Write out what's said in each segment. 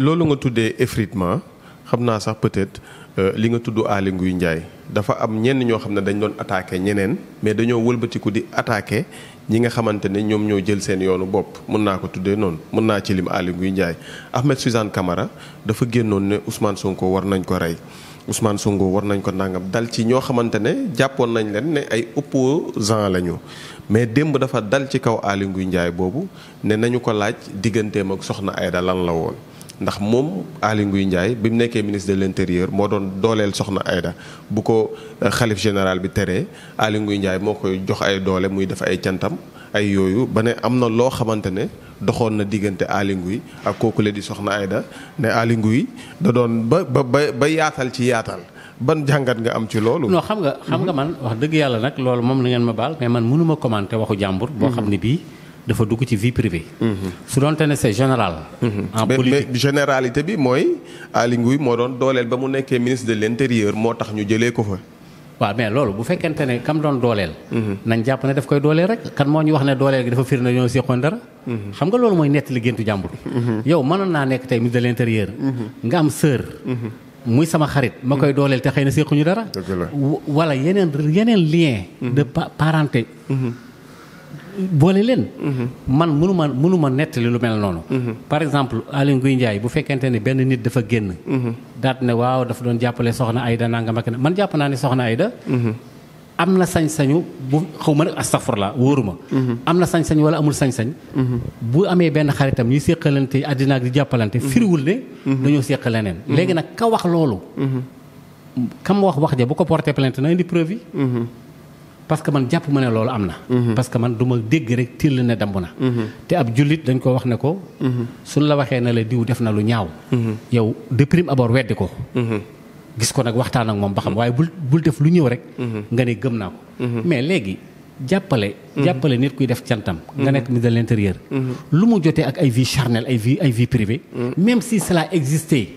loolu nga tuddee effritement xam naa sax peut-être euh, li nga tudd Aly Ngouille Ndiaye dafa am ñenn ñoo xam ne dañ doon attaqué ñeneen mais dañoo wëlbatiku di attaqué ñi nga xamante ne ñoom ñoo jël seen yoonu bopp mën naa ko tuddee noonu mën naa ci lim Aly Ngouille Ndiaye Ahmed Suzanne Camara dafa génnoon ne Ousmane Sonko war nañ ko rey Ousmane Sonko war nañ ko nangam dal ci ñoo xamante ne jàppoon nañ leen ne ay opposants lañu mais démb dafa dal ci kaw Aly Ngouille Ndiaye boobu ne nañu ko laaj digganteem ak soxna Aïda lan la woon ndax moom Aly Ngouille bi mu nekkee ministre de l'intérieur moo doon dooleel soxna Aida bu ko euh, xalif général bi tere Aly Ngouille moo koy jox ay doole muy def ay cantam ay yooyu ba ne am na loo xamante ne doxoon na diggante Aly Ngouille ak kooku la di soxna ayda ne Aly Ngouille da doon ba ba ba yaatal ci yaatal ban jàngat nga am ci loolu. non xam nga xam nga man wax dëgg yàlla nag loolu moom la ngeen ma baal mais man mënuma commenter waxu jàmbur. boo xam ne bii. dafa dugg ci vie privée. su doonte ne c'est général. Mhm. en politique mais généralité bi mooy Aly Ngouille moo doon dooleel ba mu nekkee ministre de l'intérieur moo tax ñu jëlee ko fa. waaw mais loolu bu fekkente ne kam doon dooleel. Mhm. nañ jàpp ne daf koy dooleel rek kan moo ñu wax ne dooleel gi dafa firi ñoo seqoon dara. Mhm. xam nga loolu mooy nettali géntu jàmbur. yow mënoon naa nekk tey ministre de l'intérieur. nga am sœur. muy sama xarit ma koy dooleel te xëy na sequñu dara. wala boole leen. man mënu ma mënu ma nettali lu mel noonu. par exemple Aly Ngouille Ndiaye bu fekkente ne benn nit dafa génn. daat ne waaw dafa doon jàppale soxna Ayda nangam ak man jàpp naa ne soxna Ayda. am na sañ-sañu bu xaw ma nag astafurla wóoru ma. am na sañ-sañ wala amul sañ-sañ. bu amee benn xaritam ñuy séqalante àddina ak di jàppalante. firiwul ne. dañoo séq leneen. léegi nag ka wax loolu. kam wax wax ja bu ko porté plainte na indi preuve yi. parce que man jàpp ma ne loolu am na. Mhm. parce man du dégg rek till ne damb na. Mhm. te ab jullit dañ ko wax ne ko. Mhm. suñ la waxee ne la diw def na lu ñaaw. yow de prime abord weddi ko. gis ko nag waxtaan ak moom ba xam waaye bul bul def lu ñëw rek. nga ne gëm naa ko. mais léegi. jàppale. Mhm. jàppale nit kuy def cantam. nga mhm. nekk ministre a l'intérieur. Mhm. lu mu jotee ak ay vie charnelle ay vie ay vie privée. même si cela existait.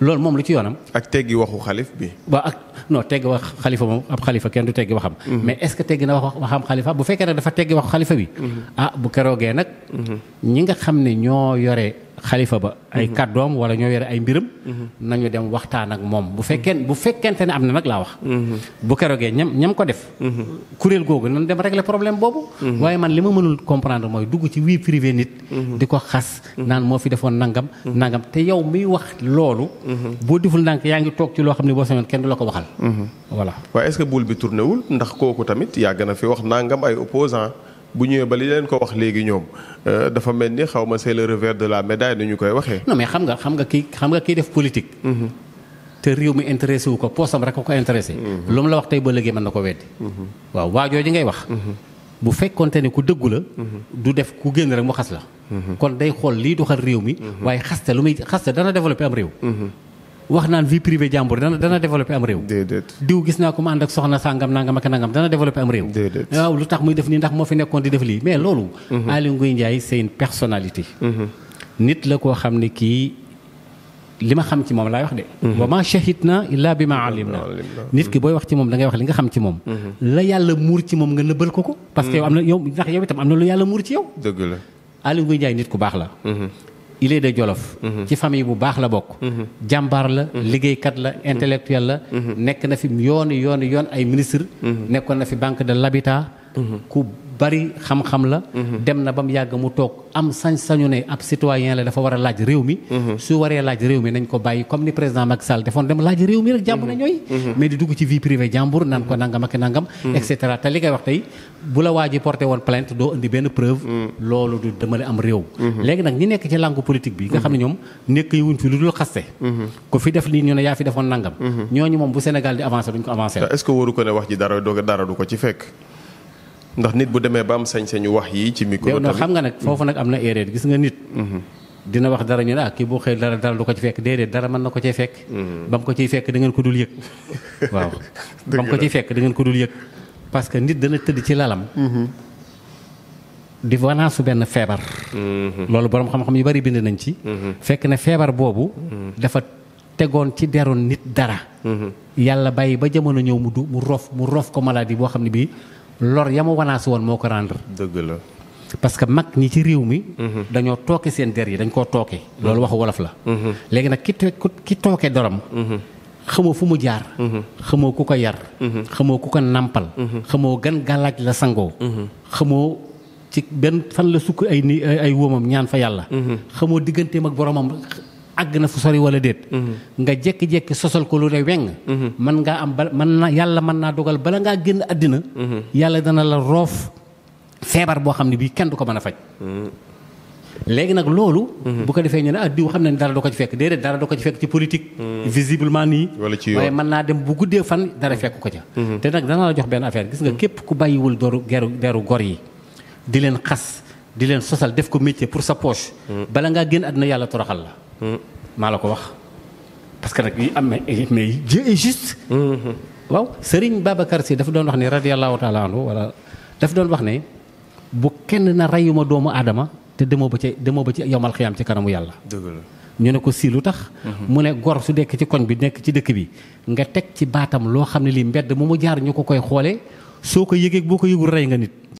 loolu moom lu ci yoonam. ak teggi waxu xalif bi. waaw ak non teggi wax xalifa moom ab xalifa kenn du teggi waxam. mais est teggi na wax waxam xalifa bu fekkee ne dafa teggi waxu xalifa bi. ah bu keroogee nag. ñi nga xam ne ñoo yore. xalifa ba ay mhm. kàddoom wala ñoo yore ay mbiram mhm. nañu dem waxtaan ak moom bu fekkeen bu fekkente ne am na nag laa wax mhm. bu keroogee ñam ñam ko def kuréel googu nan dem régler problème boobu waaye man li ma mënul comprendre mooy dugg ci wii privé nit di ko xas naan moo fi defoon nangam nangam te yow miy wax loolu boo deful ndànk yaa ngi toog ci loo xam ne boo sañoon kenn du la ko waxal waaye est-ce bi tourné ndax kooku tamit yàgg na fi wax bu ñëwee ba li leen ko wax léegi ñoom euh, dafa mel ni xaw ma c'est le revers la médaille nu ñu koy waxee. non mais xam nga xam nga kii xam nga ki def politique. Mm-hmm. te réew mi intéressé wu ko poosam rek a ko intéressé. Mm-hmm. lu mu la wax tey ba léegi man na ko weddi. Mm-hmm. waaw waa jooju ngay wax. bu fekkonte ne ku dëggu la. du def ku génn rek mu xas la. kon day xool lii du doxal réew mi. waaye xaste lu muy xaste dana développé am réew. wax naan vie privée jàmbur dana dana am réew. diw gis naa ko mu ànd ak soxna sàngam nangam ak nangam dana développé am réew. waaw lu tax muy def nii ndax moo fi nekkoon di def lii mais loolu. Mhm. Aliou Ngouille mhm. li ma xam ci moom laay wax de. Mhm. wa ma shahidna illa bi ki booy wax ci moom da ngay li nga xam ci moom. la yàlla muur ci moom nga nëbbal ko ko. parce que yow am la Aliou Ngouille Ndiaye nit ku baax la. il est de Jolof mhm. ci famille bu baax la bokk mhm. jàmbaar la mhm. liggéeykat la intellectuel la nekk na fi yooni yooni yoon ay ministre nekkoon na fi banque de l'habitat ku bari xam-xam la. Mhm. dem na ba mu yàgg mu toog am sañ-sañu ne ab citoyen la dafa war a laaj réew mi. Mhm. su waree laaj réew mi nañ ko bàyyi comme ni président Macky Sall defoon dem mhm. nangam ak nangam. et te li ngay wax tey bu la waa ji woon plainte doo indi benn preuve. loolu du demale am réew. léegi nag ñi nekk ci làngu politique bi. nga xam ne ñoom nekk wuñ fi lu dul xaste. ku fi def lii ñu ne yaa fi defoon nangam. ñooñu moom bu Sénégal di avancé duñ ko ndax nit bu demee ba am sañ-sañu wax yi ci micro tamit xam nga nag foofu nag am na erreur gis nga nit. Mhm. dina wax dara ñu ne ah kii boo xëy dara du ko ci fekk déedéet dara mën na ko cee fekk. Mhm. ba mu ko ciy fekk da ngeen ko dul yëg. waaw fekk da ngeen ko dul yëg. parce que nit dana tëdd ci lalam. Mhm. di wanaasu benn feebar. loolu borom xam-xam yu bari bind nañ ci. fekk na feebar boobu. dafa tegoon ci deroon nit dara. yàlla bàyyi ba jamono ñëw mu du mu rof mu rof ko boo xam ne bii. lor ya mu wanaas woon moo ko rendre. dëgg la. parce que mag ñi ci réew mi. Mhm. dañoo tooke seen der yi dañ koo tooke. Mhm. loolu waxu wolof la. Mhm. léegi nag ki tooke doram. xamoo fu mu jaar. xamoo ku ko yar. xamoo ku ko nàmpal. xamoo gan gàllaaj la sangoo. xamoo ci benn fan la sukk ay ni ay wóomam ñaan fa yàlla. xamoo digganteem ak boromam àgg na fu sori wala déet. Mm-hmm. nga jékki-jékki sosal ko lu ne weng. man mm-hmm. ngaa am ba mën na yàlla man naa dogal bala ngaa génn àddina. Mm-hmm. yàlla dana la roof feebar boo xam ne bii kenn du ko mën a faj. léegi nag loolu. bu ko defee ñu a ah diw xam nañ dara doo ko ci fekk déedéet dara doo ko ci fekk ci politique. visiblement nii. wala ci waaye mën naa dem bu guddee fan dara fekk ko ca. te nag dana la jox benn affaire gis nga képp ku bàyyiwul dooru geru geru gor yi di leen xas di leen sosal def ko métier pour sa poche. bala ngaa génn àddina yàlla toroxal la. Mm-hmm. maa la ko wax parce que nag yi am na mais Dieu est juste. Mm-hmm. waaw Serigne Babacar Sy dafa doon wax ne radiyallahu taala anhu wala dafa doon wax ne bu kenn na reyuma doomu aadama te demoo ba ci demoo ba ci yomal xiyaam ci kanamu yàlla. dëgg ñu ne ko si lu tax. Mm-hmm. mu ne gor su dekk ci koñ bi nekk ci dëkk bi nga teg ci baatam loo xam ne lii mbedd mu mu jaar ñu ko koy xoolee soo ko yëgee boo ko yëgul rey nga nit.